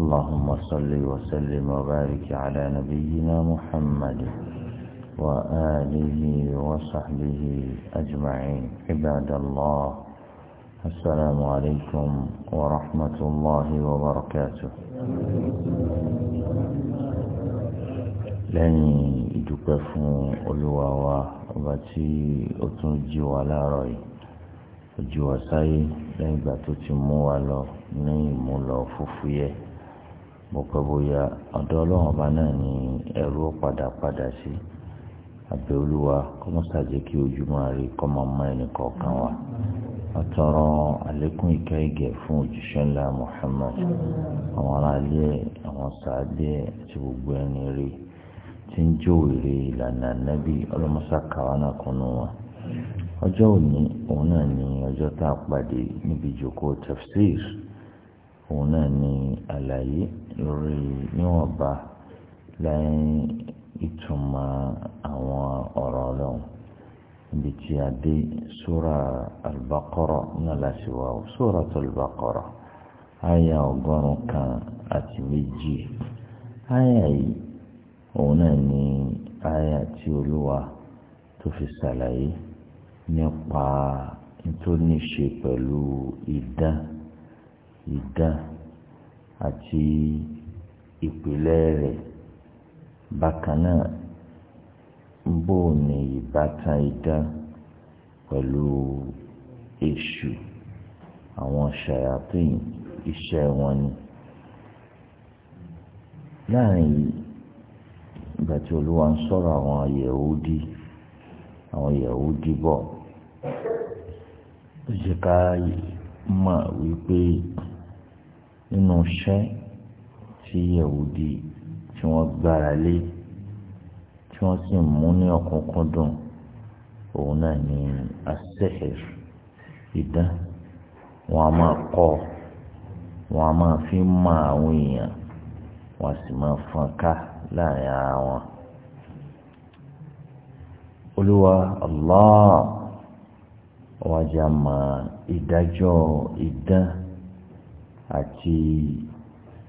اللهم صل وسلم وبارك على نبينا محمد وآله وصحبه أجمعين عباد الله السلام عليكم ورحمة الله وبركاته lẹ́yìn ìdúpẹ́ fún olúwa wa ọba tí ó tún jí wa láàárọ̀ yìí ó jí wa sáyé lẹ́yìn ìgbà tó ti mú wa lọ ní ìmúlọ fúfúyẹ́ mo pẹ́ bóyá ọ̀dọ̀ ọlọ́run ọba náà ni ẹ̀rú padà padà sí àbẹ̀ olúwa kọ́mọ́sá jẹ́ kí ojúmọ́ rí kọ́mọ mọ́ ẹnì kọ̀ọ̀kan wa àtọ̀rọ̀ àlékún ìkẹ́ ìgẹ̀ fún òjíṣẹ́ ńlá gbogbo ẹni rí tí ń ìlànà náà kúnnú òní òun òun náà ni àlàyé lórí níwọ̀nba lẹ́yìn ìtumọ̀ àwọn ọ̀rọ̀ ọlọ́run níbi tí a dé sóra al-Baqara náà láti wá o suratul Baqara àyà ọgọ́rùn kan àti méjì àyà yìí òun náà ni àyà tí olúwa tó fi ṣàlàyé nípa tó ní ṣe pẹ̀lú idán ìdán àti ìpìlẹ̀ rẹ̀ bákan náà bó ní ìbátan idán pẹ̀lú èṣù àwọn ṣàyàtìn iṣẹ́ wọn ni. láàrin yìí ìgbà tí olúwa ń sọ̀rọ̀ àwọn yẹ̀húdí àwọn yẹ̀húdí bọ̀ ó ṣe ká mọ̀ wípé nínú iṣẹ́ tí yẹ̀wùdì tí wọ́n gbára lé tí wọ́n sì mú ní ọ̀kúnkúndùn òun náà ní asẹ́hẹ̀r idán wọn a máa kọ́ wọn a máa fi mọ àwọn èèyàn wọn sì máa fọn ká láàrin ara wọn. olúwa allah ọwájà máa ìdájọ́ idán àti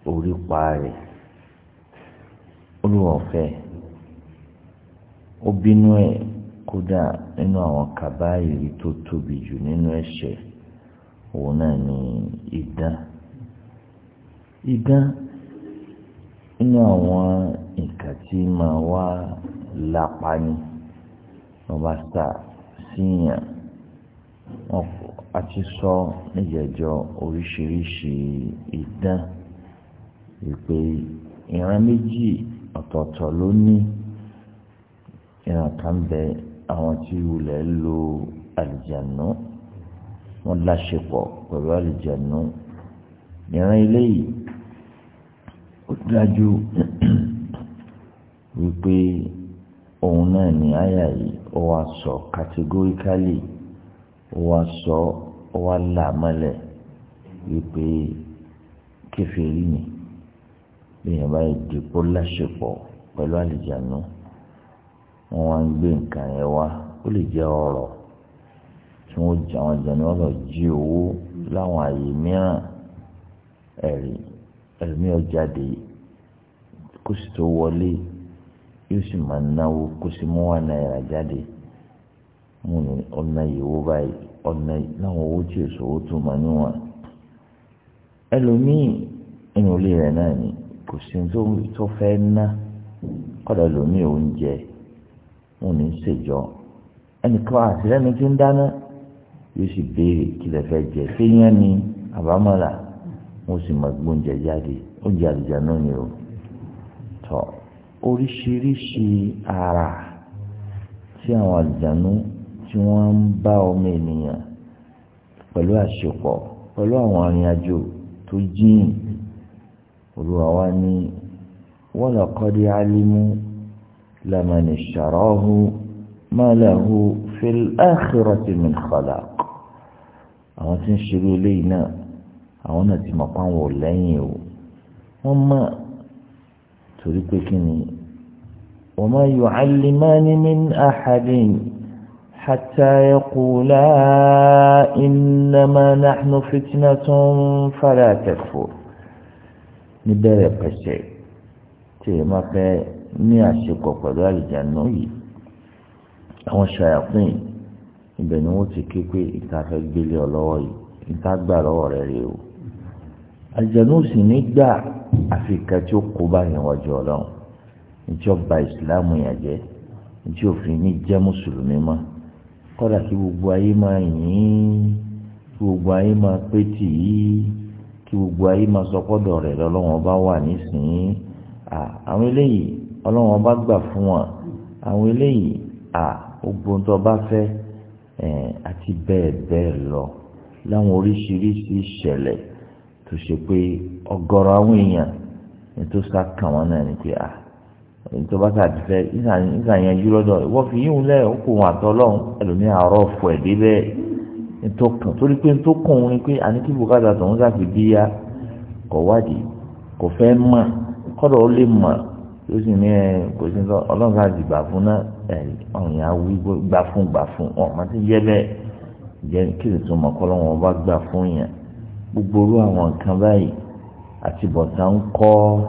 orípa rẹ̀ olùwọ̀fẹ́ ó bínú ẹ̀ kódà nínú àwọn kàbáyìí tó tóbi jù nínú ẹ̀ṣẹ̀ òun náà ni idán idán nínú àwọn nǹkan tí máa wá lápá ni wọ́n bá sà síyàn a ti sọ níjẹ̀jọ́ oríṣiríṣi idán wípé ìran méjì ọ̀tọ̀ọ̀tọ̀ ló ní ìran kan bẹ àwọn tí wulẹ̀ lo àlìjànú wọn láṣepọ̀ pẹ̀lú àlìjànú ìran eléyìí ó dájú wípé òun náà ní àyà yìí ó wá sọ kàtégóríkálì. So ó wá sọ ó wá là mọ́lẹ̀ wípé kèfèrí ni èèyàn bá dìpọ́ láṣepọ̀ pẹ̀lú àlìjánu wọn wá ń gbé nǹkan yẹn wá ó lè jẹ́ ọ̀rọ̀ tí wọ́n jẹ àwọn àjànú wọn lọ jí owó láwọn àyè mìíràn ẹ̀rí ẹ̀mí ọ̀jáde kó sì tó wọlé yóò sì máa náwó kó sì mú wà náírà jáde wọn ni ọ̀nà ìwó báyìí ọ̀nà láwọn owó tí èso owó tó máa níwọ̀n ẹlòmíì inú ilé rẹ̀ náà ni kò sí tó fẹ́ ná kọ́dà ẹlòmíì oúnjẹ wọn ni ṣèjọ ẹnìkan àtìlẹ́nu tí ń dáná yóò sì béèrè kí lè fẹ́ jẹ séyàn ni àbámọ́là wọn sì máa gbóúnjẹ jáde oúnjẹ àlùjá náà ni o tọ oríṣiríṣi ara tí àwọn àlùjá náà tí wọ́n ń bá ọmọ ènìyàn pẹ̀lú àṣepọ̀ pẹ̀lú àwọn arìnrìnàjò tó jìn olúwa wa ní wa laqad alimu lamani sharahu ma lahu fil akhirati min khalaq àwọn tí ń ṣerú eléyìí náà àwọn náà ti mọ̀ pé àwọn lẹ́yìn o wọ́n mọ̀ torí pé kí ni wa ma yu'allimani min ahadin. حتى يقولا إنما نحن فتنة فلا تكفر níbẹ̀rẹ̀ pẹ̀sẹ̀ tí في máa fẹ́ ní àṣepọ̀ pẹ̀lú àlìjáná yìí àwọn ṣàyàpín ibẹ̀ ni wọ́n ti ké pé ìta fẹ́ gbélé ọ lọ́wọ́ yìí ìta gbà lọ́wọ́ rẹ̀ rè o àlìjáná sì ní tí ó kó bá yẹn wájú ọlọ́run ìjọba ìsìláàmù yẹn jẹ́ ìjọba òfin ní jẹ́ mùsùlùmí mọ́ kọ́dà kí gbogbo ayé máa yìn ín kí gbogbo ayé máa pé tì í kí gbogbo ayé máa sọ kọ́dọ̀ rẹ̀ lọ́lọ́wọ́n bá wà nísìnyí àwọn eléyìí ọlọ́wọ́n bá gbà fún wọn àwọn eléyìí ogun tó bá fẹ́ àti bẹ́ẹ̀ bẹ́ẹ̀ lọ láwọn oríṣiríṣi ìṣẹ̀lẹ̀ tó ṣe pé ọ̀gọ̀rọ̀ àwọn èèyàn ni sá kàn wọ́n náà ni pé ah tó bá sàdí fẹ ìsànyẹn jú lọ́dọ̀ ìwọ fi yíhun lẹ òkú wọn àtọ lọhùn ẹlòmíín àárọ̀ fọ ẹdí bẹ́ẹ̀ ntọkàn torí pé ntọkàn ni pé àníkí bùkátà tó ń sàfi bí ya kọ wádìí kò fẹ́ mọ̀ kọdọ ó lè mọ̀ ó sì ní ẹ kò sí sọ Ọlọ́run ká di gbà fún náà ẹ ọrùn yà wí gbà fún gbà fún ọ má ti yẹ bẹ́ẹ̀ jẹ kí lè tún mọ kọ lọ́wọ́ ọba gbà fún yẹn gbogbo orú àwọn nǹkan báyìí àti bọ̀tà ń kọ́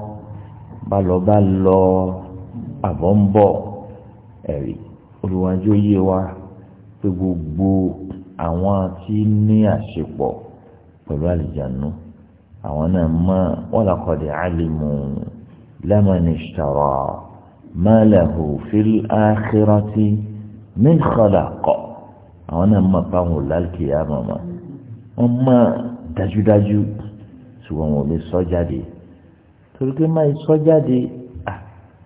bá lọ bá lọ àmọ́ ń bọ̀ ẹ̀rí olùwàjò yé wa pé gbogbo àwọn tí ní àṣepọ̀ pẹ̀lú àlìjánu àwọn náà mọ̀ wọ́n làkọ̀dẹ̀ àlìmù lẹ́mọ̀nì ṣàrọ̀ mẹ́lẹ̀hù fíl ákírọ́tì mìkọ́làkọ̀ àwọn náà mọ̀ báwọn lálùkìyà mọ̀mọ́ wọ́n mọ̀ dájúdájú ṣùgbọ́n wọn ò lè sọ jáde torí pé máa sọ jáde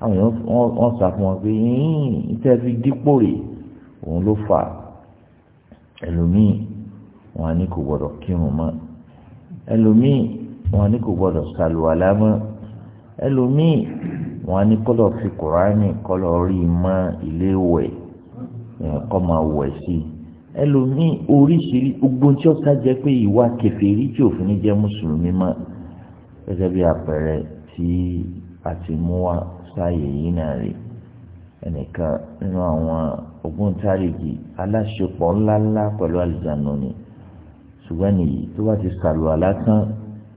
àwọn èèyàn wọ́n sà fún wọn pé yín tẹ́ fi dípò rè òun ló fà ẹlòmíì wọn á ní kò gbọdọ̀ kírun mọ́ ẹlòmíì wọn á ní kò gbọdọ̀ sàlùwàlá mọ́ ẹlòmíì wọn á ní kọ́lọ̀ fi kùránì kọ́lọ̀ rí mọ́ ilé wẹ̀ kọ́ máa wẹ̀ sí i ẹlòmíì oríṣiríṣi gbogbo tí ó sá jẹ́ pé ìwà kèfèrí tí òfin jẹ́ mùsùlùmí mọ́ gẹ́gẹ́ bí àpẹẹrẹ tí a ti mú wa sáàyè yìí náà rí ẹnìkan nínú àwọn ògbóǹtarìgì aláṣepọ̀ ńláńlá pẹ̀lú àlìjánu ni ṣùgbọ́n nìyí tó bá ti sàlùwàlá tán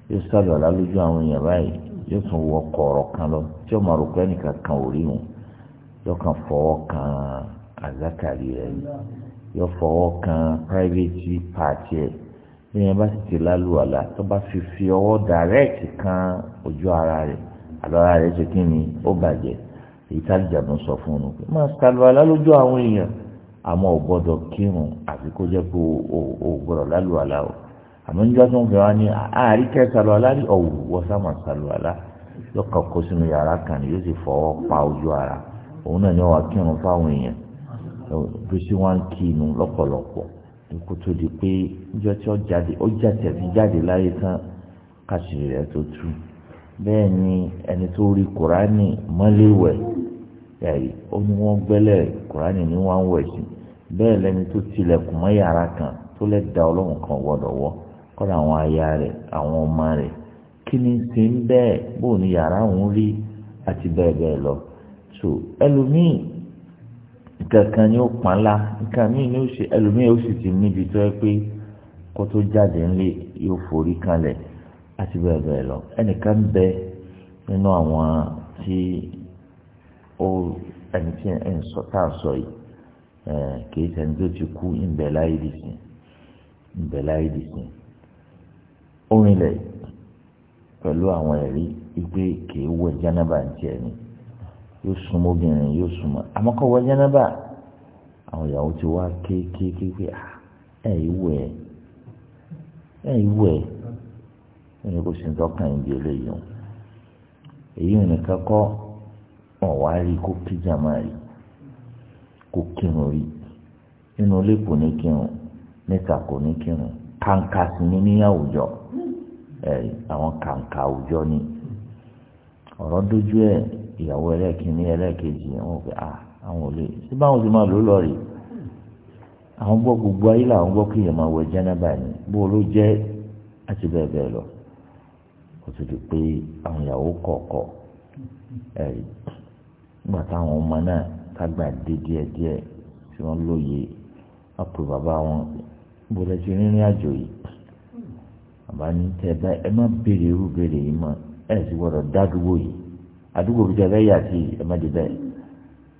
yóò sàlùwàlá lójú àwọn èèyàn báyìí yóò tún wọ kọ̀ọ̀rọ̀ kan lọ tí ó máa rò pé ẹnìkan kan ò rí wọn yóò kàn fọwọ́ kan àzákàrí rẹ̀ yóò fọwọ́ kan private party, ẹ̀ bí wọ́n bá sì ti lálùwàlá tó bá fi fi ọwọ́ direct kan ojú ara rẹ̀ àlọ́ra rẹ̀ ṣe kí ni ó bàjẹ́ èyí tálíjànú sọ fún un pé máa ṣàlùwàlá lójú àwọn èèyàn àmọ́ ò gbọ́dọ̀ kírun àfi kó jẹ́ pé ò gbọ́dọ̀ lálùwàlá o àmọ́ níjọ́ tó ń fẹ́ wá ní àárí kẹ́ ṣàlùwàlá rí ọ̀wù wọ́n sábà ṣàlùwàlá yóò kàn kó sínú yàrá kan yóò sì fọwọ́ pa ojú ara òun náà yóò wá kírun fáwọn èèyàn bí sí wọn kí inú lọ́pọ̀lọpọ̀ kó tó di pé níjọ́ tí ó jáde ó jà tẹ̀sí láyé tán káṣírí rẹ̀ tó tú bẹ́ẹ̀ ni ẹni tó rí kùránì mọ́léwẹ̀ ẹ̀rí ó ní wọ́n gbẹ́lẹ̀ kùránì ní wọ́n wẹ̀ sí bẹ́ẹ̀ lẹni tó tilẹ̀kùn mọ́ yàrá kan tó lè da ọlọ́run kan wọ́dọ̀wọ́ kọ́ra àwọn aya rẹ̀ àwọn ọmọ rẹ̀ kí ni ti ń bẹ́ẹ̀ bó ni yàrá òun rí àti bẹ́ẹ̀ bẹ́ẹ̀ lọ so ẹlòmíì kankan kan ni ó pọ́n la nǹkan míì ni ó ṣe ẹlòmíì ó sì ti níbi tó yẹ pé kó tó jáde ńlẹ̀ yóò forí kanlẹ̀ àti bẹ́ẹ̀ bẹ́ẹ̀ lọ ẹnìkan bẹ nínú àwọn tí ó ẹni tí ń sọ tá a sọ yìí ẹ kìí ṣẹni tó ti kú ńbẹ láyé dìsìn ńbẹ láyé dìsìn ó rinlẹ̀ pẹ̀lú àwọn ẹ̀rí wípé kìí wọ jánábà ń tiẹ̀ yóò súnmọ́ obìnrin yóò súnmọ́ àmọ́ wọ jánábà àwọn ìyàwó ti wá kéékèèké pé ah, ẹ̀ ìwẹ̀ ẹ̀ ìwẹ̀ ẹni kò sì ń tọ́kàn ìdí eléyìí o èyí nìkan kọ́ wọn wá rí kó kí jàmá rí kó kírun rí nínú ilé kò ní kírun níta kò ní kírun kàǹkà sì ní ní àwùjọ ẹ àwọn kàǹkà àwùjọ ni ọ̀rọ̀ dojú ẹ̀ ìyàwó ẹlẹ́ẹ̀kínní ẹlẹ́ẹ̀kejì wọn pé à ah, àwọn ò lè ṣé báwọn ti máa lò lọ rí àwọn gbọ́ gbogbo ayé làwọn gbọ́ kí èèyàn máa wẹ̀ jẹ́ náà báyìí bó ló jẹ́ àti bẹ́ẹ̀ bẹ́ẹ̀ lọ. ó ti di pé àwọn ìyàwó kọ̀ọ̀kọ̀ ẹ̀rí nígbà táwọn ọmọ náà tágbà dé tí wọ́n lóye bàbá wọn ti rìnrìn àjò yìí bàbá ní ẹ bá ẹ má béèrè irú béèrè yìí mọ́ ẹ sì gbọ́dọ̀ dá yìí àdúgbò bíi ẹ bẹ́ yà sí ẹ má dé bẹ́ẹ̀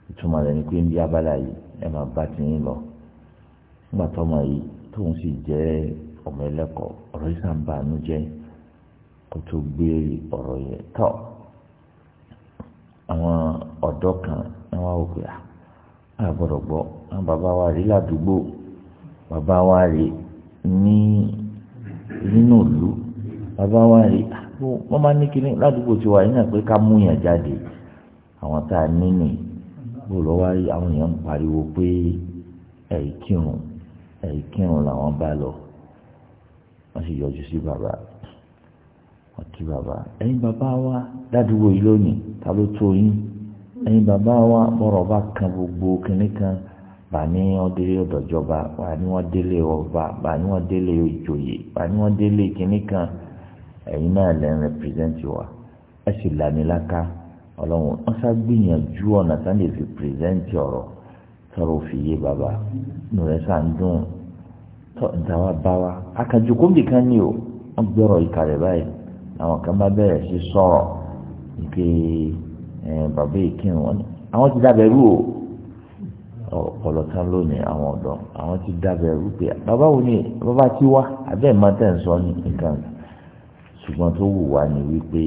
ìtumọ̀ rẹ̀ ni pé ń bí abala yìí ẹ bá ti yín lọ nígbà tó ọmọ yìí tóun sì jẹ́ ọmọ ẹlẹ́kọ̀ọ́ kó tó gbé ọ̀rọ̀ yẹn tọ̀ àwọn ọ̀dọ́ kan ní wọ́n wò pé à gbọ́dọ̀ gbọ́ àwọn bàbá wa rí ládùúgbò bàbá wa rí ní nínú ìlú bàbá wa rí wọ́n máa ní kíní ládùúgbò tí wà yín náà pé ká mú yàn jáde àwọn tá a ní nì bó lọ wá rí àwọn èèyàn ń pariwo pé ẹ̀ẹ́kírun ẹ̀ẹ́kírun làwọn bá lọ wọ́n sì yọjú sí bàbá rẹ̀ kí bàbá ẹ̀yin bàbá wa ládùúgbò yìí lónìí ta ló tó yín ẹ̀yin bàbá wa bọ̀rọ̀ bá kan gbogbo kìnnì kan bà ní wọn délé ọ̀dọ̀jọba bà ní wọn délé ọba bà ní wọn délé ìjòyè bà ní wọn délé kìnnì kan ẹ̀yin náà lẹ́ ń rẹpírẹ́sẹ̀ntì wa ẹ sì làmìlaka ọlọ́run wọn sá gbìyànjú ọ̀nà tá lè fi pírẹ́sẹ̀ntì ọ̀rọ̀ tọrọ fi yé bàbá nù rẹ sá ń dùn tọ́ ìdáwà bá wa akàjùkú bìkan ni o wọ́n gbọ́rọ̀ ìkàlẹ̀ báyìí àwọn kan bá bẹ̀rẹ̀ sí sọ̀rọ̀ ìpè bàbá ìkírun wọn àwọn ti dábẹ̀rù o ọ̀pọ̀lọpọ̀ lónìí àwọn ọ̀dọ́ àwọn ti dábẹ̀rù pé bàbá wo ni bàbá ti wá abẹ́ ẹ̀ máa tẹ̀ ń sọ ní nǹkan ṣùgbọ́n tó wù wá ni wípé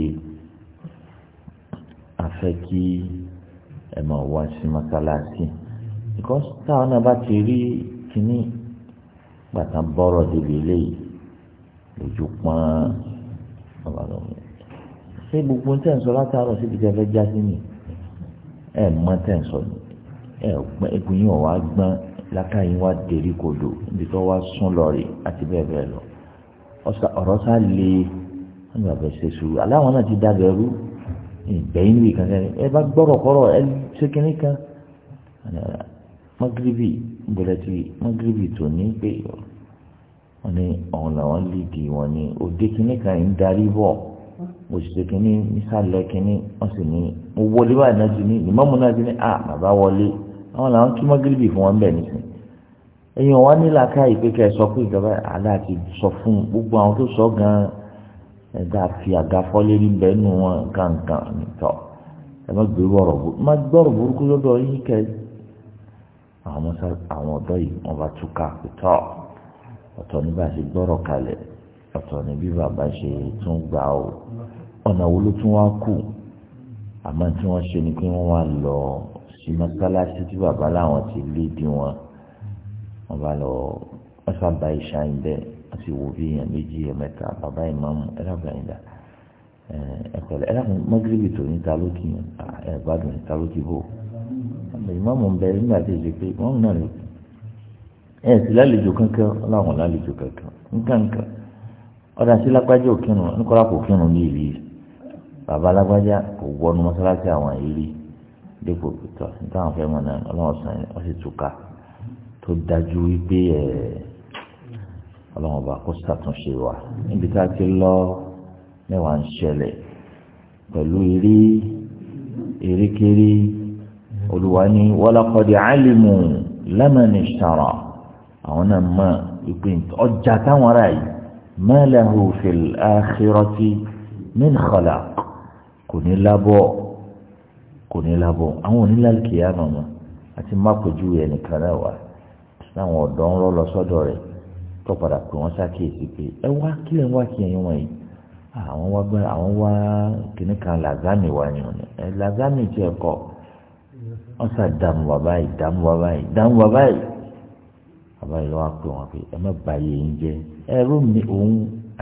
a fẹ́ kí ẹ máa wá sí mọ́sálásí because táwọn náà bá ti rí kínní gbàtà bọ́rọ̀ débi eléyìí lójú pọ́n sọ̀rọ̀ lọ. ṣé gbogbo ń tẹ̀sán látàárọ̀ síbi tẹ́ fẹ́ já sí ni ẹ mọ tẹ̀sán ni ẹ egun yìí wọ́n wá gbọ́n lákà yìí wá dèrí kodò ibi tó wá sún lọ rí àti bẹ́ẹ̀ bẹ́ẹ̀ lọ. ọ̀rọ̀ sá le wọ́n gbà bẹ́ẹ̀ ṣe sùúrù aláwọn náà ti dàgbẹ́ rú ìgbẹ́yìn níbi kan sẹ́ni ẹ bá gbọ́rọ̀ kọ́rọ̀ ẹ ṣe kínní kan. magribi gbọ́dọ̀ ti tó ní pé wọ́n ní ọ̀hún làwọn líìgì wọn ní òde kínní kan ń darí bọ̀ òṣìṣẹ́ kínní nísàlẹ̀ kínní wọ́n sì ní mo wọlé báyìí náà ti ní ìmọ̀mù náà ti ní à bàbá wọlé àwọn làwọn kí mọ́gìrìbì fún wọn bẹ̀ nìkan ẹ̀yin wọn ní làákà ìpèkẹ́ sọ pé ìjọba àlá ti sọ fún gbogbo àwọn tó sọ gan ẹ̀dá fi àga fọ́lé ní bẹ́ẹ̀ wọn gàǹgàǹ nìtọ́ ẹ má gbé wọ̀rọ̀ gbọ́rọ̀ burúkú lọ́dọ̀ yín kẹ́ àwọn ọ̀dọ́ yìí wọ́n bá túká pẹ̀tọ́ ọ̀tọ̀ ní bá a ṣe gbọ́rọ̀ kalẹ̀ ọ̀tọ̀ ní bí bàbá ṣe tún gbà ó ọ̀nà wo ló tún wá kù àmọ́ tí wọ́n ṣe ni pé wọ́n wá lọ sí mọ́sálásí tí bàbá làwọn ti lé di wọn wọ́n bá lọ wọ́n sábà ìṣá yín bẹ́ẹ̀ wọ́n sì wo bí èèyàn méjì ẹ̀ mẹ́ta bàbá ìmáàmù ẹ̀rọ̀gbà yín dà ẹ̀pẹ̀lẹ̀ mọ́gírìbì tó níta lókì ẹ̀gbádùn níta lókì bò ìmáàmù ń bẹ nígbà tí èdè pé wọ́n náà ẹ sì lálejò kankan ọlọ́run lálejò kankan nkankan ọ̀dà sí lágbájá òkìrùn nkọ́lá kò kírun ní ìlú yìí bàbá lágbájá kò wọnú mọ́sálásí àwọn ìlú dípò pẹ̀tọ́ nítawọn fẹ́ mọ̀ náà ọlọ́run sàn ọ́ sì túká tó dájú wípé ẹ̀ ọlọ́run ọba kó ṣàtúnṣe wa níbi tá a ti lọ mẹ́wàá ń ṣẹlẹ̀ pẹ̀lú eré erékeré olùwà ni wọ́lá kọ́ di alimu lẹ́mọ̀nì sàrọ̀ àwọn náà mọ̀ ìpè ọjà táwọn ará yìí ma lahu fil akhirati min khalaq kò ní lábọ̀ kò ní lábọ̀ àwọn onílàlùkìyà náà mọ̀ àti mákòjú ẹnìkan náà wà láwọn ọ̀dọ́ ń rọ́ lọ sọ́dọ̀ rẹ̀ tó padà pé wọ́n ṣàkíyèsí pé ẹ wá kí lè wá kí ẹyin wọ̀nyí àwọn wá gbá àwọn wá kìnnì kan làzámì wá ni làzámì tí ẹ kọ wọ́n ṣàdàmú báyìí dàmú wá báyìí dàmú wá báyìí bàbá yìí wá pé wọn pé ẹ má ba yìí ń jẹ ẹrú mi òun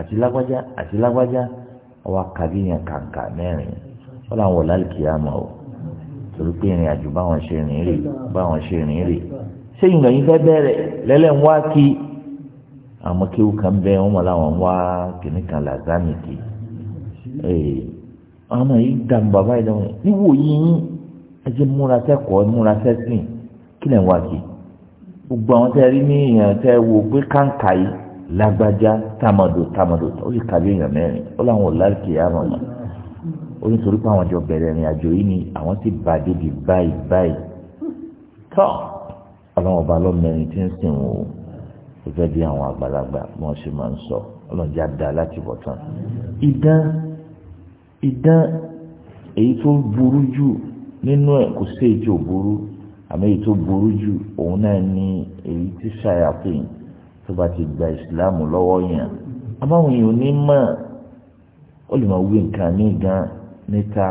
àti lágbájá àti lágbájá ọwọ́ àkàbí yẹn kàǹkà mẹ́rin wọn làwọn wọlé àlùkìyàmọ o torí pé ìrìn àjò báwọn ṣe rìn rè báwọn ṣe rìn rè ṣé ìgbà yìí fẹ́ bẹ̀rẹ̀ lẹ́lẹ́ ń wá kí àmọ́ kéwù kan bẹ wọn mọ̀ láwọn wá kìnnì kan làzámì kì ee ọmọ yìí dàmú bàbá yìí lọ́wọ́ níwò yìí ẹ jẹ́ múra sẹ́kọ̀ọ́ múra sẹ́sìn kí lẹ́ ń wá kí gbogbo àwọn tẹ́ rí ní èèyàn tẹ́ wo pé kàǹkà yìí lágbájá tàmọ̀dò tàmọ̀dò ó sì kàbí èèyàn mẹ́rin ó láwọn ò lálùkì àmọ̀ yìí ó ní torí pé àwọn àjọ bẹ̀rẹ̀ ìrìn àjò yìí ni àwọn ti bà débi báyìí báyìí tọ́ ọlọ́run ọba lọ́mọrin tí ń sìn wò ó gẹ́gẹ́ bí àwọn àgbàlagbà wọ́n ṣe máa ń sọ ọlọ́run já da láti bọ̀ tán idán idán èyí tó burú jù nínú ẹ̀ kò sí èyí tó burú àmọ́ èyí tó burú jù òun náà ní èyí tí ṣàyàpín tó bá ti gba ìsìláàmù lọ́wọ́ yẹn àbáwọn èèyàn ní mọ̀ ó lè máa wí nǹkan ní gan níta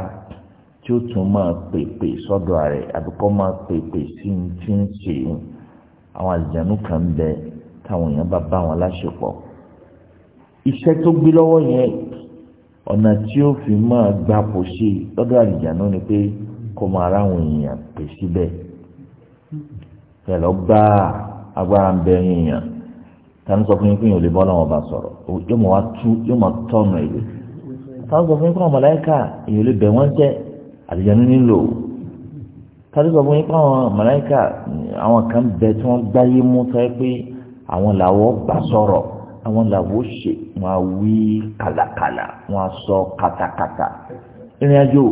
tí ó tún máa pèpè sọ́dọ̀ rẹ̀ àbíkọ́ máa pèpè sí ní tí ń ṣe àwọn àlìjánu kan bẹ táwọn èèyàn bá bá wọn láṣepọ̀ iṣẹ́ tó gbé lọ́wọ́ yẹn ọ̀nà tí ó fi máa gbapò sí lọ́dọ̀ àlìjánu ni pé kó máa ráwọn èèyàn pè síbẹ̀ kẹ lọ bá agbára ń bẹ yín yàn tani sọ fún yín pé yín ò lè bọ́ lọ́wọ́ bá sọ̀rọ̀ yóò mọ̀ wá tú yóò mọ̀ tọ́nu èlé tani sọ fún yín pé àwọn mọ̀láyíkà èyí ò lè bẹ̀ wọ́n jẹ́ àlùjànnú nílò tani sọ fún yín pé àwọn mọ̀láyíkà àwọn kan bẹ tí wọ́n gbáyé mú tọ́ pé àwọn làwọ̀ bá sọ̀rọ̀ àwọn làwọ̀ ṣe wọn á wí kàlàkàlà wọn á sọ kàtàkàtà ìrìn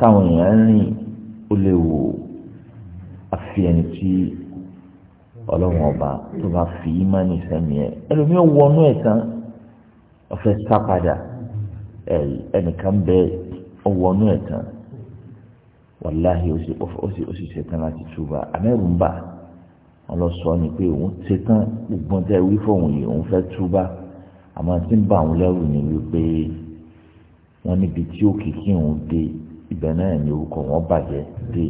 táwọn èèyàn rìn ó léwu o àfi ẹni tí ọlọ́run ọba tó bá fi ìmánì sẹ́mi ẹ̀ ẹlòmíì wọnú ẹ̀ tán ọ̀fẹ́ sá padà ẹnìkan bẹ ọwọ́nú ẹ̀ tán wàláhì ó sì ṣetán láti túbà amẹ́rùnbà ọlọ́sọ ni pé òun ṣetán gbọ́n tẹ́ wí fóun yìí òun fẹ́ túbà àmọ́ tí ń bá òun lẹ́rù ni wípé wọ́n níbi tí òkìkí òun dé ibẹ̀ náà ni orúkọ wọn bàjẹ́ dé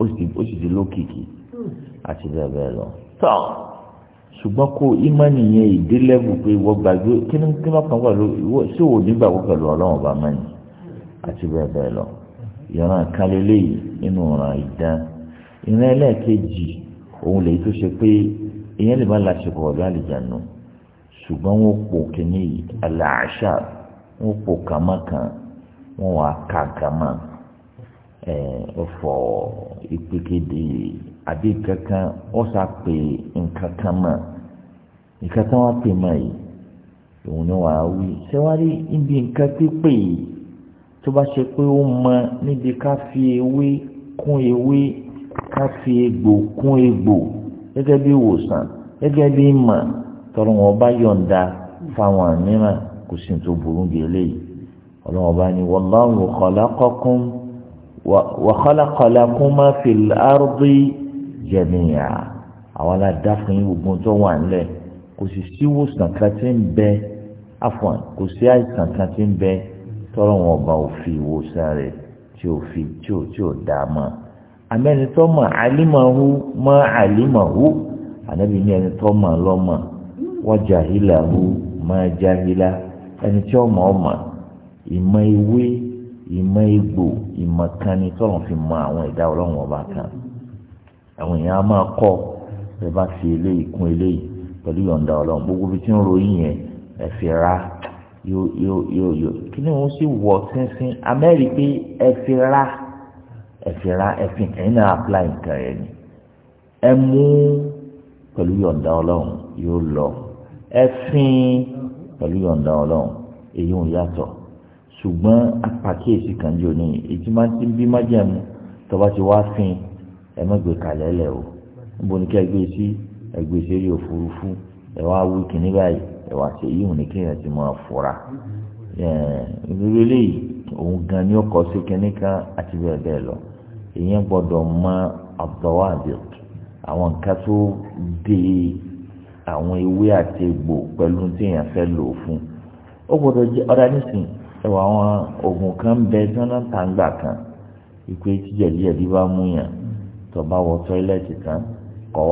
ó sì di lókìkí àti bẹ́ẹ̀ bẹ́ẹ̀ lọ. tọ́ ṣùgbọ́n kó ìmánì yẹn ìdílẹ́bù pé wọ́n gbàgbé kí ni kí wọ́n kàn pẹ̀lú ṣé ò ní gbàgbọ́ pẹ̀lú ọlọ́run ọba mẹ́rin àti bẹ́ẹ̀ bẹ́ẹ̀ lọ. ìran kálílẹ̀ yìí nínú ọ̀ràn ìdán ìran ẹlẹ́ẹ̀kejì òun lèyí tó ṣe pé èèyàn lè má láṣepọ̀ ọ̀dọ́ àlìjánu ṣùgbọ́n wọ́n pò kínní àlàáṣà wọ́n pò kàmákan wọ́n wà á kà kàmákan ẹfọ ìpèkéde adi kankan ọsà pe nkankan mọ nkankan wà pè òun ni wàá wi sẹwárí ibi nǹkan pípé yìí tó bá ṣe pé ó mọ níbi ká fi ewé kún ewé ká fi egbò kún egbò gẹ́gẹ́ bí ìwòsàn bí tọrọ wọn bá fáwọn kò tó burú bá وخلق لكما في الأرض جميعا àwọn adáfún yín gbogbo tó wà nílẹ̀ kò sì sí ìwòsàn kan tí ń bẹ afọn kò sí àìsàn kan tí ń bẹ tọrọ wọn ọba òfin ìwòsàn rẹ̀ tí ò fi tí ò tí ò dá a mọ̀ àmẹni mọ̀ àlímọ̀hu mọ̀ àlímọ̀hu ànábi ní ẹni mọ̀ lọ́mọ̀ wọ́n jàhílà hu mọ̀ jàhílà ẹni tí ó ọmọ ìmọ̀ ewé ìmọ̀ egbò ìmọ̀ kan ni tọ́lọ̀ fi mọ àwọn ẹ̀dá ọlọ́run ọba kan àwọn èèyàn á máa kọ́ ẹ bá fi eléyìí kún eléyìí pẹ̀lú yọ̀ǹda ọlọ́run gbogbo bí tí ń ròyìn yẹn ẹ̀ fi ra yóò yóò yóò yóò kí ni wọ́n sì wọ̀ sínsín amẹ́rì pé ẹ fi ra ẹ fi ra ẹ fi ẹ̀yin náà apply nǹkan rẹ̀ ni ẹ mú pẹ̀lú yọ̀ǹda ọlọ́run yóò lọ ẹ fin pẹ̀lú yọ̀ǹda ọlọ́run èyí ò yàtọ̀ ṣùgbọ́n apàkíyèsí kan jò ní ìjìmá tí bí májẹ̀mú tọba ti wá fin ẹ má gbé kalẹ̀ lẹ̀ o níbo ni kí ẹ gbé sí ẹ gbé sí eré òfurufú ẹ wá wí kíní báyìí ẹ wá ṣe yíwùn ní kéèyàn ti máa fura ìrírí léyìí òun gan ni ó kọ sí kíní àti bẹ́ẹ̀ bẹ́ẹ̀ lọ èèyàn gbọ́dọ̀ mọ àbọ̀wá àbẹ̀wò àwọn nǹkan tó dé àwọn ewé àti egbò pẹ̀lú tí èèyàn fẹ́ lò fún ó gbọ́dọ̀ jẹ́ ọ̀dà nísìnyí ẹwà àwọn oògùn kan bẹ sọ́nà tàǹgbà kan ìpè tí jẹ̀díjẹ̀dí bá mú yàn tó bá wọ tọ́ílẹ̀tì kan kọ̀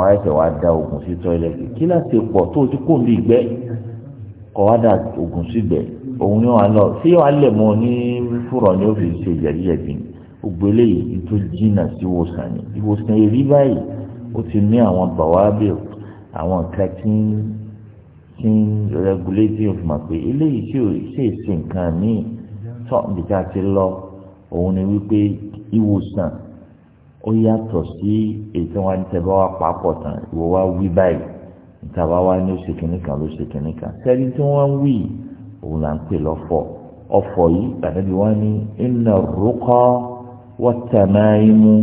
wá ẹsẹ̀ wá da oògùn sí tọ́ílẹ̀tì kí láti pọ̀ tó o ti kó ní ìgbẹ́ kọ̀ wá da oògùn sí ìgbẹ́ òun ni wọn lọ sí wọn lẹ̀ mọ́ ní fúrọ̀ ni ó fi ṣe jẹ̀díjẹ̀dí gbogbo eléyìí tó jìnnà sí ìwòsàn ni ìwòsàn èrí báyìí ó ti ní àwọn bàwábẹ̀ àwọn kẹtí tí ń rẹgulétì òfìmọ̀ pé eléyìí tí ò ṣe é ṣe nǹkan míì tó ti lọ òun ni wípé ìwòsàn ó yàtọ̀ sí ètò wa ní tẹ́lẹ̀ wá papọ̀ tán ìwọ wá wí báyìí ìtàwá wá ní oṣù kìíní kan lóṣù kìíní kan sẹ́ni tí wọ́n wí òun là ń pè lọ́fọ̀ ọ̀fọ̀ yìí àdàbí wọ́n ní inna ruqa wat tamaimu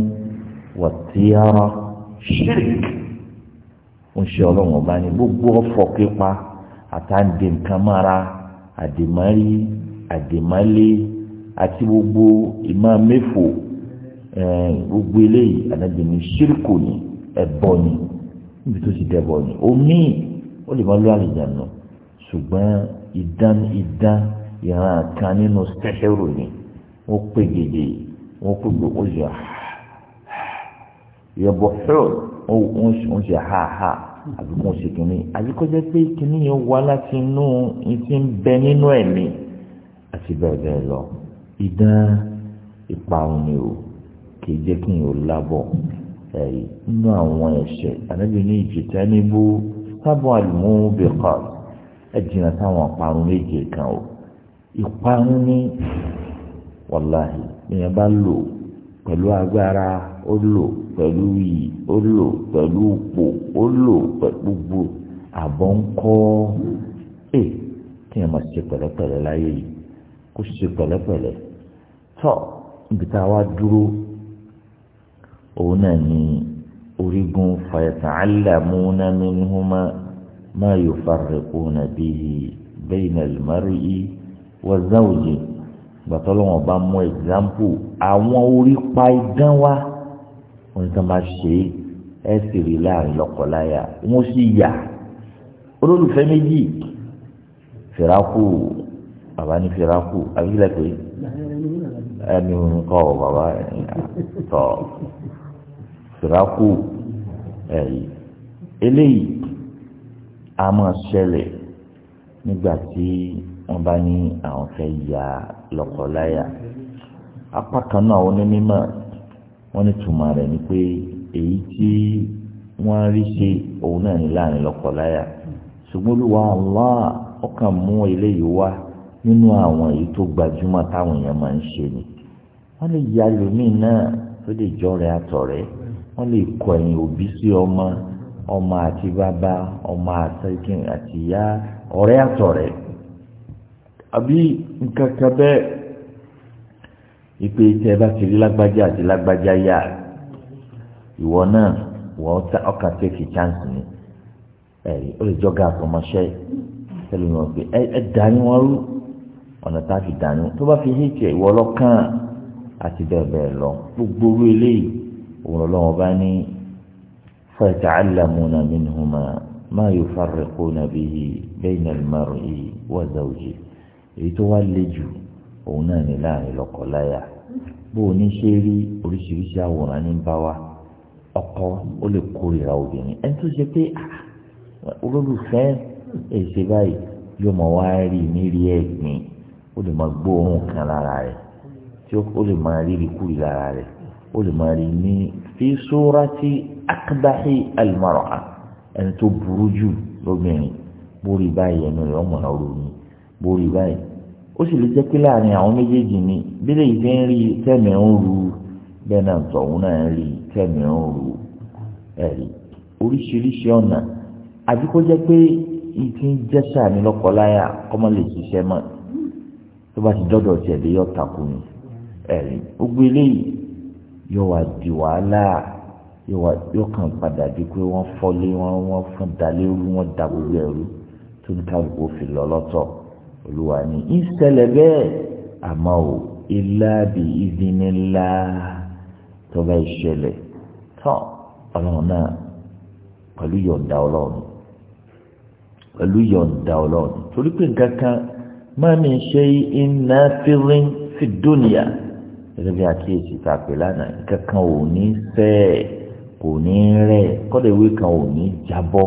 wat tiyara shirk ń ṣe ọlọ́run ọba ní gbogbo ọ̀fọ̀ pípa àtàǹdè nǹkan mára àdèmárí àdèmálé àti gbogbo ìmáàmẹ́fò gbogbo eléyìí ànábì ní ṣírkù ní ẹ̀bọ ni níbi tó ti dẹ̀bọ̀ ni omi ó lè má lọ àlùjánnà ṣùgbọ́n idán idán ìran kan nínú sẹ́hẹ́rù ni wọ́n pè gègé wọ́n pè gbogbo yọ yọ bọ̀ fẹ́ràn. wọ́n ṣe ha ha àbí wọ́n ṣe kìnnì àbí pé kìnnì yẹn wá láti inú ti bẹ nínú ẹ̀mí àti bẹ́ẹ̀ bẹ́ẹ̀ lọ idán ìparun ni o kì jẹ́ kí n ò lábọ̀ ẹ̀yí nínú àwọn ẹ̀ṣẹ̀ ànábi ní ìjìtá níbú sábọ̀ àlùmọ́ọ́ bẹ́ẹ̀ ẹ̀ jìnnà táwọn ìparun méje kan o ìparun ní wàláhì ìyẹn bá lò ó. pẹ̀lú agbára ó lò pẹ̀lú iyì ó lò pẹ̀lú ipò ó lò pẹ̀lú gbogbo àbọ̀ ń kọ́ ẹ̀ kí ẹ̀ máa ṣe pẹ̀lẹ́pẹ̀lẹ́ láyé yìí kó ṣe pẹ̀lẹ́pẹ̀lẹ́ tọ́ ibi tá a wá dúró òun náà ni orígun fayata'allamuna minhuma ma yufarriquna bihi bayna al-mar'i wa zawji gbàtọ́lọ́wọ́n bá mú ẹ̀gbáǹpù àwọn orí pa igán wá wọn kàn máa ṣe ẹ sì rí láàrin lọ́kọláya wọn sì yà olólùfẹ́ méjì fìràkù bàbá ní fìràkù àbílẹ̀ pé ẹni kọ́ bàbá tọ̀ fìràkù ẹ̀yí eléyìí a máa ṣẹlẹ̀ nígbà tí wọ́n bá ní àwọn fẹ́ ya lọ́kọláya apá kan náà wọ́n ní mímọ̀ wọ́n ní túmọ̀ rẹ̀ ni pé èyí tí wọ́n rí ṣe òun náà ní láàrin lọ́kọláya ṣùgbọ́n olúwa Allah ọkàn mú eléyìí wá nínú àwọn èyí tó gbajúmọ̀ táwọn èèyàn máa ń ṣe ni wọ́n lè ya lómi náà tó lè jọrẹ̀ àtọ̀rẹ́ wọ́n lè kọ ẹ̀yìn òbí sí ọmọ ọmọ àti bàbá ọmọ àti ìyá ọ̀rẹ́ àtọ̀rẹ́ àbí nǹkan kan bẹ́ẹ̀ ìpè tẹ bá ti rí lágbájá àti lágbájá yá ìwọ náà wọ́n ta ọkà tẹ́kì chance ni ẹ̀ ó lè jọ́gà àtọmọṣẹ́ tẹ́lẹ̀ wọn pé ẹ dání wọn rú ọ̀nà tá a fi dání tó bá fi hí tiẹ̀ ìwọ ọlọ́kàn àti bẹ́ẹ̀ bẹ́ẹ̀ lọ gbogbo orú eléyìí òun lọ́wọ́ bá ní فيتعلمون منهما ما يفرقون به بين المرء وزوجه èyí tó wá le jù òun náà ní láàrin lọ́kọláya bó o ní ṣe rí oríṣiríṣi àwòrán ní bá wa ọkọ ó lè kórìíra obìnrin ẹni tó ṣe pé ah, olólùfẹ́ èsì báyìí yóò mọ̀ wá rí mi rí ẹ̀gbìn ó lè máa gbóòórùn kan lára rẹ̀ tí ó lè máa rí ìrìkúrì lára rẹ̀ ó lè máa rí ní fi surati akdahi ẹni tó burú jù lóbìnrin bórí báyìí ẹnu rẹ̀ ọmọ náà ronú borí báyìí ó sì lè jẹ́ pé láàrin àwọn méjèèjì ni bílẹ̀ yìí fi ń rí tẹ́mi ń ru bẹ́ẹ̀ náà tọ̀hún náà ń rí tẹ́mi ń ru ẹ̀rí oríṣiríṣi ọ̀nà àbí kó jẹ́ pé ìfi ń jẹ́ sàmì lọ́kọ̀láyà kọ́mọ lè ṣiṣẹ́ mọ́ tó bá ti dọ́dọ̀ tiẹ̀ lé yọ̀ takò ní ẹ̀rí gbogbo eléyìí yóò wá di wàhálà yóò kàn padà di pé wọ́n fọ́lé wọ́n wọ́n fún dalérú wọ́n da olúwa ní ìṣẹ̀lẹ̀ bẹ́ẹ̀ àmọ́ ò ilábi ìdínilá tó bá ìṣẹ̀lẹ̀ tán ọlọ́run náà pẹ̀lú yọ̀ǹda ọlọ́run pẹ̀lú yọ̀ǹda ọlọ́run torí pé nǹkan kan máa mi ṣe iná fírin fi dúnìyà gẹ́gẹ́ bí àkíyèsí tá a pè lánàá nǹkan kan ò ní fẹ́ kò ní rẹ̀ kọ́dọ̀ kan ò ní jábọ́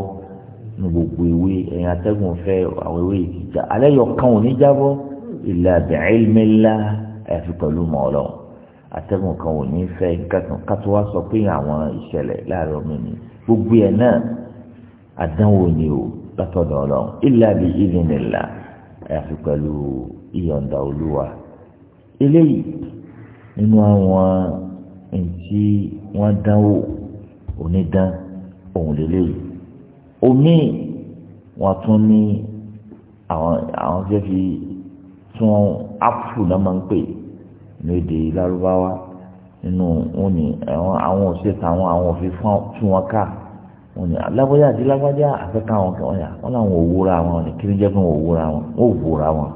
nu gbogbo ewé ẹ̀yìn atẹ́gùn fẹ́ àwọn ewé ìjà alẹ́ yọ kan ò ní jábọ́ ìlà bẹ̀ẹ́lmẹ́lá ẹ̀fí pẹ̀lú mọ́ọ̀lọ́ atẹ́gùn kan ò ní fẹ́ kátó wá sọ pé àwọn ìṣẹ̀lẹ̀ láàárọ̀ mi ni gbogbo ẹ̀ náà àdánwò ni o látọ̀dọ̀ ọlọ́run ìlà bí ìdìnnìlà ẹ̀fí pẹ̀lú ìyọ̀ǹda olúwa eléyìí nínú àwọn ntí wọ́n dánwò onídán òun lélẹ́yìí omi wọn tún ní àwọn àwọn fi tún ápù náà máa ń pè lédè lárúbáwá nínú wọn ni àwọn òṣèlú àwọn àwọn òfin fún wọn ká wọn ni alágbájá àti lágbájá àfẹ́ká wọn kí wọn yà wọn làwọn òwúra wọn ni kí ló jẹ́ pé wọn òwúra wọn wọn òwúra wọn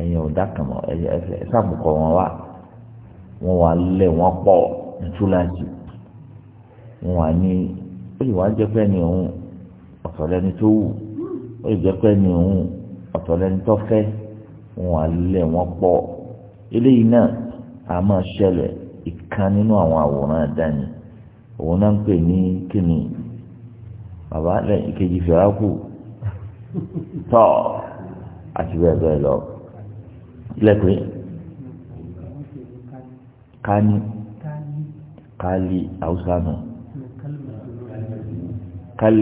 ẹ̀yin ọ̀dà kan mọ̀ ẹ̀yẹ sàbùkọ̀ wọn wá wọn wà lẹ̀ wọn pọ̀ nítúláṣì wọn wà ní ó lè wá jẹ́ pé ní òun ọ̀tọ̀ lẹni tó wù ó lè jẹ́ pé ní òun ọ̀tọ̀ lẹni tó fẹ́ wọn àlẹ́ wọn pọ̀ eléyìí náà a máa ṣẹlẹ̀ ìkan nínú àwọn àwòrán àdáni òun náà ń pè ní kíni bàbá lẹ́yìn kejì fìrà kù tọ́ àti bẹ́ẹ̀ bẹ́ẹ̀ lọ lẹ́pẹ́ kání kálí haúsá náà kal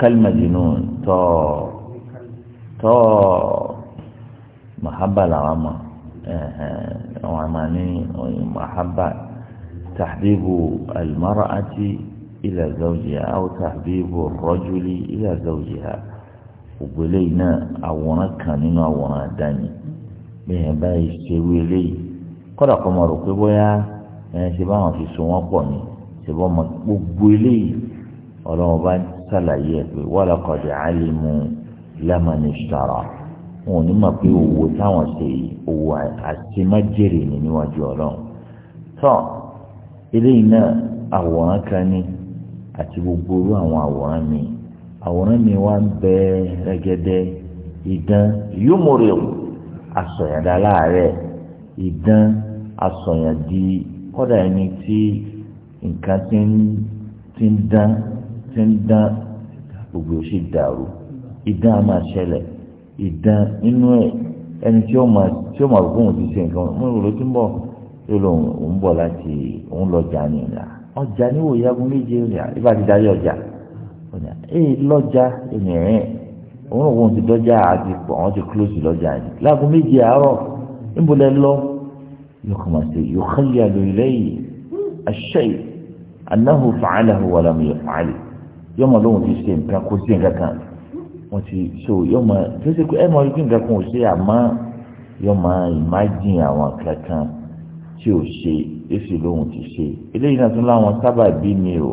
kalmadinun tọ tọ mahaba làwọn ma àwọn àmàlí mahaba tahbibu almar'ati ila zawjiha aw tahbibu rajuli ila zawjiha gbogbo eléyìí náà àwòrán kan nínú àwòrán àdáni bẹ́ẹ̀ báyìí ṣe wí eléyìí kódà kọ́ máa rò pé bóyá ẹ̀ ṣe báwọn fi so wọ́n pọ̀ ni ṣe bọ́ gbogbo eléyìí ọlọ́run bá ṣàlàyé ẹ̀ pé wọ́n lọ́kọ̀dẹ̀ alimu lamani sara wọn ò ní mọ̀ pé owó táwọn ṣe yìí owó àṣemájèrè ní níwájú ọlọ́run tọ́ eléyìí náà àwòrán kan ní àti gbogbo orú àwọn àwòrán mi àwòrán mi wá ń bẹ rẹ́gẹ́dẹ́ ìdán yúmọ̀rẹ̀ asọ̀yàdá láàárẹ̀ ìdán asọ̀yàdí kọ́dà ẹni tí nǹkan ti ń dán ti ń dán gbogbo sì dàrú ìdán a máa ṣẹlẹ̀ ìdán inú ẹ̀ ẹni tí ó máa tí ó máa rò fóun ti ṣe nǹkan mo rò ló ti ń bọ̀ tó lò ń bọ̀ láti òun lọ́jà ní ìlà ọjà níwò ìyàgùn méje rẹ̀ ibà ti darí ọjà ee lọ́jà ènìyàn òun rò fóun ti dọ́jà àti pọ̀ àwọn ti close lọ́jà yìí láàgùn méje àárọ̀ níbo lẹ lọ yóò kọ́ máa ṣe yóò kọ́ yàlò ilé yìí àṣẹ anáhùn fàálà wàlámù yóò fàálì yọmọ lóhùn ti ṣe nǹkan kó sí nǹkan kan wọn ti so yọmọ tó ṣe pé ẹ mọ ibi nǹkan kan ò ṣe àmọ́ yọmọ ìmájìn àwọn kankan tí ò ṣe èsì lóhùn ti ṣe eléyìí náà tún láwọn sábà bí mi o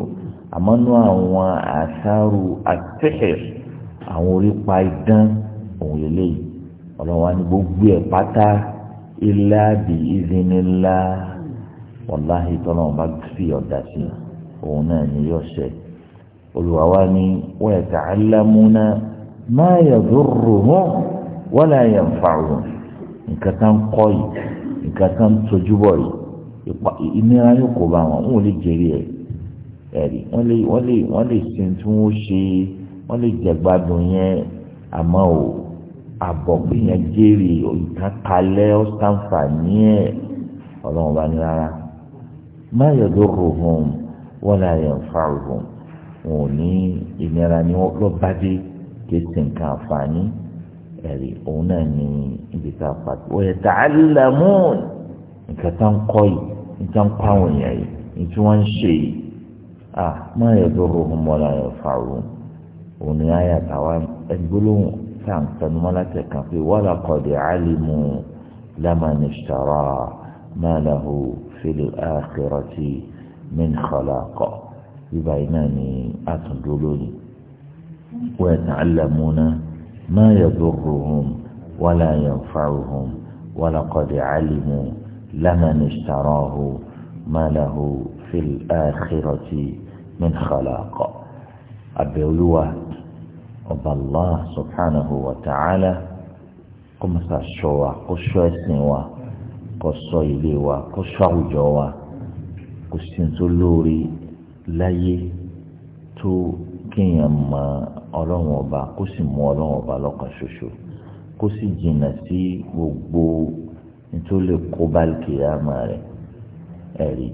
àmọ́ nú àwọn àṣàrò àtẹ́hẹ̀ àwọn orípa idán òun eléyìí ọlọ́wọ́n ní gbogbo ẹ̀ pátá ilá bí ìdínilá wàláhìí tọ́lọ́wọ́n bá fi ọ̀dà sí òun náà ni yóò ṣe olùwàwá ni wọ́n yẹ ká alámúná máa yẹ dúró hàn wọ́n lè yẹ nfa wọn nǹkan kan kọ́ yìí nǹkan kan tójú bọ̀ yìí ìnira yóò kó bá wọn wọn ò lè jèrè ẹ̀ ẹ̀rí wọ́n lè wọ́n lè wọ́n lè ṣe tí wọ́n ṣe wọ́n lè jẹ̀gbádùn yẹn àmọ́ ò àbọ̀ pé yẹn jèrè ìkan kalẹ̀ ọ̀sánfà ní ẹ̀ ọlọ́run bá ní rárá má yọ̀dọ̀ rò hàn wọ́n là yẹn fà wọn ò ní ìnira ni wọn lọ bá dé kéésì nǹkan àǹfààní ẹ̀rí òun náà ní ibi tá a pàtó wọ́n yẹ ta'allamun nǹkan tá ń kọ́ yìí nǹkan ń kọ́ àwọn èèyàn yìí nǹkan wọ́n ń ṣe yìí à má yẹ dúró ohun mọ́lá yẹn fàrùn òun ni àyà táwa ẹgbẹ́lóhùn tá à ń tẹnu mọ́lá tẹ̀kàn pé wala qad alimu laman ishtara ma lahu fil akhirati min khalaqa bíbá yìí náà ni a tún dúró lónìí wa yata'allamuna ma yadurruhum wala yanfa'uhum wa laqad 'alimu laman ishtarahu ma lahu fil akhirati min khalaq abẹ́olúwa ọba allah subhanahu wa ta'ala kó sọ wa kó sọ ẹsìn wa kó sọ ilé wa kó sọ àwùjọ wa kó sì ń lórí láyé tó kéèyàn mọ ọlọ́run ọba kó sì mú ọlọ́run ọba lọ́kàn ṣoṣo kó sì jìnnà sí gbogbo nítorí kó bá kìyàmà rẹ̀ ẹ̀rí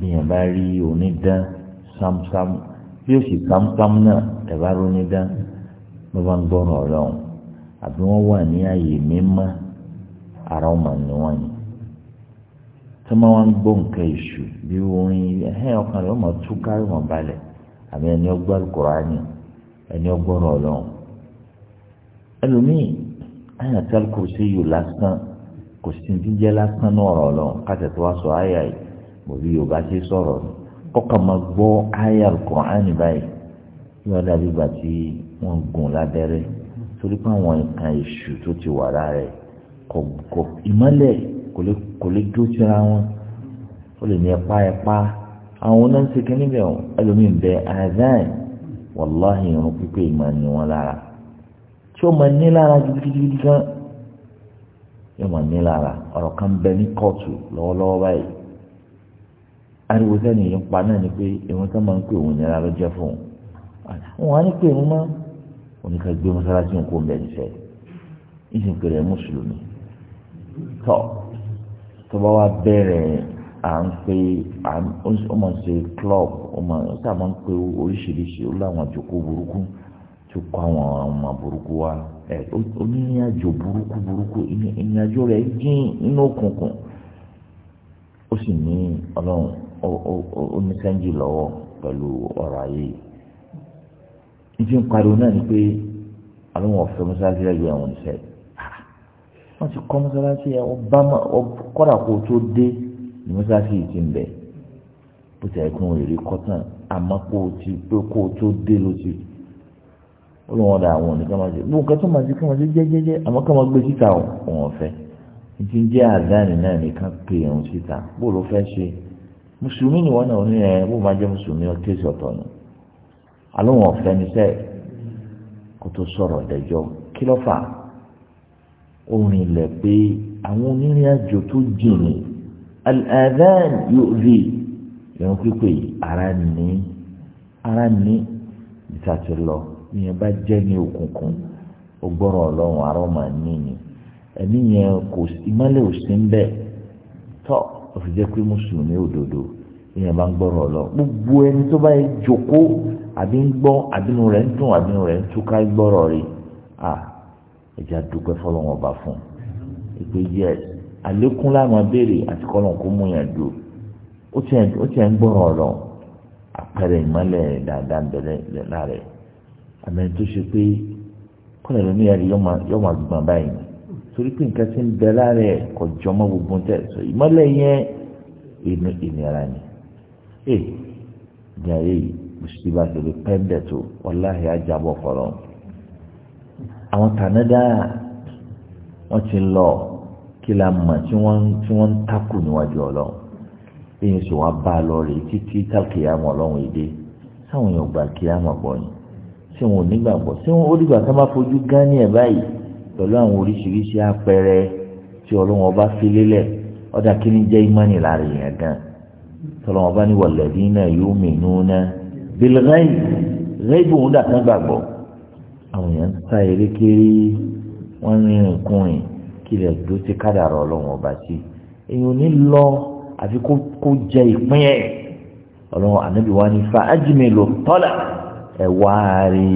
bíyàn bá rí onídán sámsám bí ó sì sámsám náà ẹ bá rí onídán ló bá ń gbọ́rọ̀ ọlọ́run àbí wọ́n wà ní ààyè mímọ́ ara ọmọ ni wọ́n ní tó máa wá ń gbọ́ nǹkan èṣù bí orin ẹ̀hẹ́n ọkàn rẹ̀ ó máa tú kárí wọn balẹ̀ àbí ẹni ọgbọ́ alukurani ẹni ọgbọ́rọ̀ ọlọ́run ẹlòmíì àyà tí alukursi yìí lásán kò sí ní jíjẹ́ lásán ní ọ̀rọ̀ ọlọ́run kátẹ́tẹ́ wá sọ àyà yìí bòbí yorùbá ti sọ̀rọ̀ ni kọ́kà máa gbọ́ àyà alukurani báyìí yóò dàbí ìgbà tí wọ́n gún lábẹ́rẹ́ torí pé àwọn nǹkan èṣù tó ti wà lára rẹ̀ kò lè dúró síra wọn ó lè ní ẹ̀pá ẹ̀pá àwọn náà ń ṣe kí níbẹ̀ ẹlòmíín bẹ azan wàláhì irun pípé ìmọ̀ ni wọn lára tí ó máa ní lára gidigidi gan yóò máa ní lára ọ̀rọ̀ kan bẹ ní kóòtù lọ́wọ́lọ́wọ́ báyìí ariwo sẹ́ni yìí ń pa náà ni pé irun tó máa ń pè òun nira ló jẹ́ fún un wọn á ní pé irun máa oníkà mọ́sálásí ń kó ń bẹ̀ níṣẹ́ ìsìnkú rẹ̀ mùsùlùmí tọ́ tó wa wá bẹ̀rẹ̀ à ń pe ó mọ̀ ṣe club ó mọ̀ ó sábà ń pe oríṣiríṣi ó láwọn àjòkó burúkú tó kọ́ àwọn ọmọ burúkú wa ẹ̀ onírìnàjò burúkú burúkú ìrìnàjò rẹ̀ dín inú òkùnkùn ó sì ní ọlọ́run ó ní sẹ́ńjì lọ́wọ́ pẹ̀lú ọ̀rọ̀ ayé ìdí ń pariwo náà ni pé àwọn ọ̀fẹ́ mọ́sáájú rẹ̀ àwọn ìṣẹ́ wọ́n ti kọ́ mọ́sálásí ẹ̀ ọba kọ́dà kó tó dé ní mọ́sálásí yìí ti ń bẹ̀ bó ti ẹ̀kún èrè kọ́tàn àmọ́ kó ti pé kó tó dé ló ti ó ló wọn dà àwọn òní ká máa ṣe gbogbo nǹkan tó máa ṣe ká máa ṣe jẹ́jẹ́jẹ́ àmọ́ ká máa gbé síta òun ọ̀fẹ́ ti ń jẹ́ àdáni náà ní ká òun síta bó ló fẹ́ ṣe mùsùlùmí ni wọ́n náà ní ẹ̀ bó máa jẹ́ mùsùlùmí kéésì orin ilẹ̀ pé àwọn onírìn àjò tó jìnnì al-adhan yu'dhi ìrun pípé ara ní ara ní ìsàtìlọ ìyẹn bá jẹ́ ní òkùnkùn ó gbọ́rọ̀ ọlọ́run ara ọmọ níyìn ẹ̀mí yẹn kò ìmọ́lẹ̀ ò sí ń bẹ̀ tọ́ òfin jẹ́ pé mùsùlùmí òdodo ìyẹn bá ń gbọ́rọ̀ ọlọ́run gbogbo ẹni tó bá yẹ jókòó àbí ń gbọ́ àbínú rẹ̀ ń dùn àbínú rẹ̀ ń túká gbọ́rọ̀ rí ẹ̀jẹ̀ àdúgbò fọlọ́wọn ọba fún un ìpè yẹ àlékún láwọn béèrè àti kọ́lọ́n kó mú yẹn dùn ó tiẹ̀ ń gbọ́rọ̀ ọ̀rọ̀ àpẹẹrẹ ìmọ̀lẹ̀ dáadáa bẹ̀rẹ̀ láàrẹ̀ àmì tó ṣe pé kọ́lẹ̀ lómi yàrá yóò máa gbọ̀n báyìí torí pé nǹkan ti ń bẹ láàrẹ̀ kò jọmọ́ gbogbo tẹ̀ sọ ìmọ̀lẹ̀ yẹn inú ìnira ni ee ní ayé yìí mùsùlùmí àti olùpẹ́ńdẹ̀ tó wọláhìí ajábọ̀ fọlọ́run àwọn tànádà wọ́n ti lọ kí la mọ̀ tí wọ́n tí wọ́n ń takù níwájú ọlọ́run èyí sọ wá bá a lọ rèé títí kálkìyàmọ̀ ọlọ́run èdè sáwọn èèyàn gbà kíyàmọ̀ bọ̀ ni tí wọn ò nígbàgbọ́ tí wọn ó dìgbà ká má fojú gán ní ẹ̀ báyìí pẹ̀lú àwọn oríṣiríṣi àpẹẹrẹ tí ọlọ́run ọba fi lélẹ̀ ọ̀dà kí ni jẹ́ ìmánì lára èèyàn gan tọ́lọ́run ọba ní wal ladina yu'minuna bil ghaib ghaib bòun dà kán gbàgbọ́ àwọn èèyàn ń sá eré kéré wọ́n ń rìn kún rìn kí ilẹ̀ dó ti kádàrá ọlọ́run ọba sí èèyàn ò ní lọ àfi kó jẹ ìpín ẹ̀ ọlọ́run ànábì wa ní fa ájìmí lò tọ́lá ẹ̀ wá rí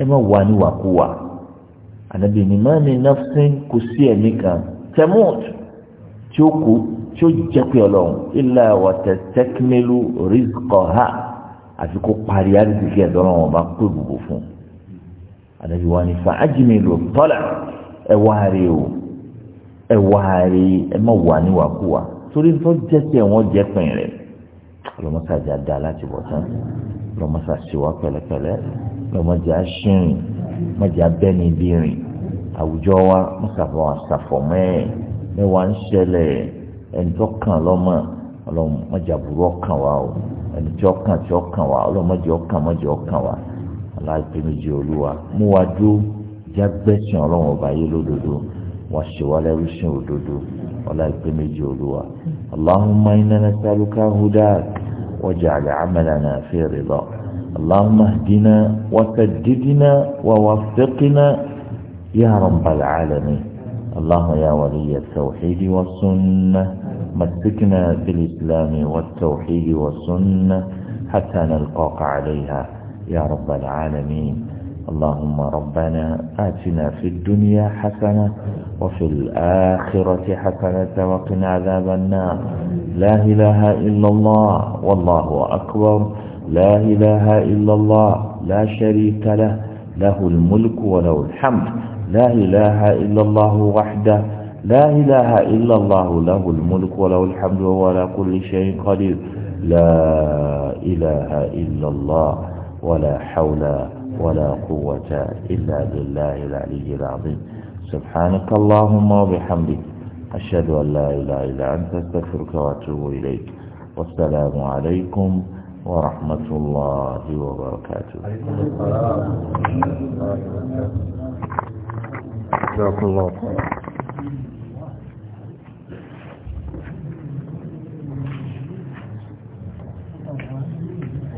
ẹ má wà níwàkuwà ànábì ní má ní nafsin kò sí ẹ̀mí kan tẹ̀mọ́t tí ó kú tí ó jẹ́ pé ọlọ́run ilà wàtẹ̀ tẹ́kínmẹ́lú rìzkọ̀ ha àfi kó parí àdìsí kí ẹ̀dọ́ ọlọ́run ọba kó ìbùbù fún un àdàbí wa fa ajimilu tọ́lá ẹ wá rí o ẹ wá rí ẹ má wà níwàkuwà torí tó jẹ́ tiẹ̀ wọ́n jẹ́ pin rẹ̀ lọ́mọ́sàjà dá láti bọ̀ tán lọ́mọ́sàṣìwá pẹ̀lẹ́pẹ̀lẹ́ lọ́mọ́jà ṣìrìn mọ́jà bẹ́ni bí rìn àwùjọ wa mọ́sàfọ́ àṣàfọ̀mọ́ ẹ̀ mẹ́wàá ń ṣẹlẹ̀ ẹni tó kàn lọ́mọ ọlọ́mọjà burú ọkàn wa o ẹni tí ọkàn tí ọkàn wa ọlọ́mọjà ọkàn mọ́jà ọkàn wa láìpẹ́mẹ́jì olúwa mú wa dúró jágbẹ́sìn ọlọ́run ọba yé lódodo wá ṣe wá lẹ́rú sí òdodo ọlá ìpẹ́mẹ́jì olúwa allahumma inna nasaluka hudak waj'al 'amalana fi rida allahumma ihdina wa saddidna wa waffiqna ya rabbal 'alamin allahumma ya waliya at-tawhid was-sunnah مسكنا بالإسلام والتوحيد والسنة حتى نلقاك عليها يا رب العالمين اللهم ربنا آتنا في الدنيا حسنة وفي الآخرة حسنة وقنا عذاب النار لا إله إلا الله والله أكبر لا إله إلا الله لا شريك له له الملك وله الحمد لا إله إلا الله وحده لا إله إلا الله له الملك وله الحمد وهو على كل شيء قدير لا إله إلا الله ولا حول ولا قوة إلا بالله العلي العظيم سبحانك اللهم وبحمدك أشهد أن لا إله إلا أنت استغفرك وأتوب إليك والسلام عليكم ورحمة الله وبركاته جزاكم الله وبركاته.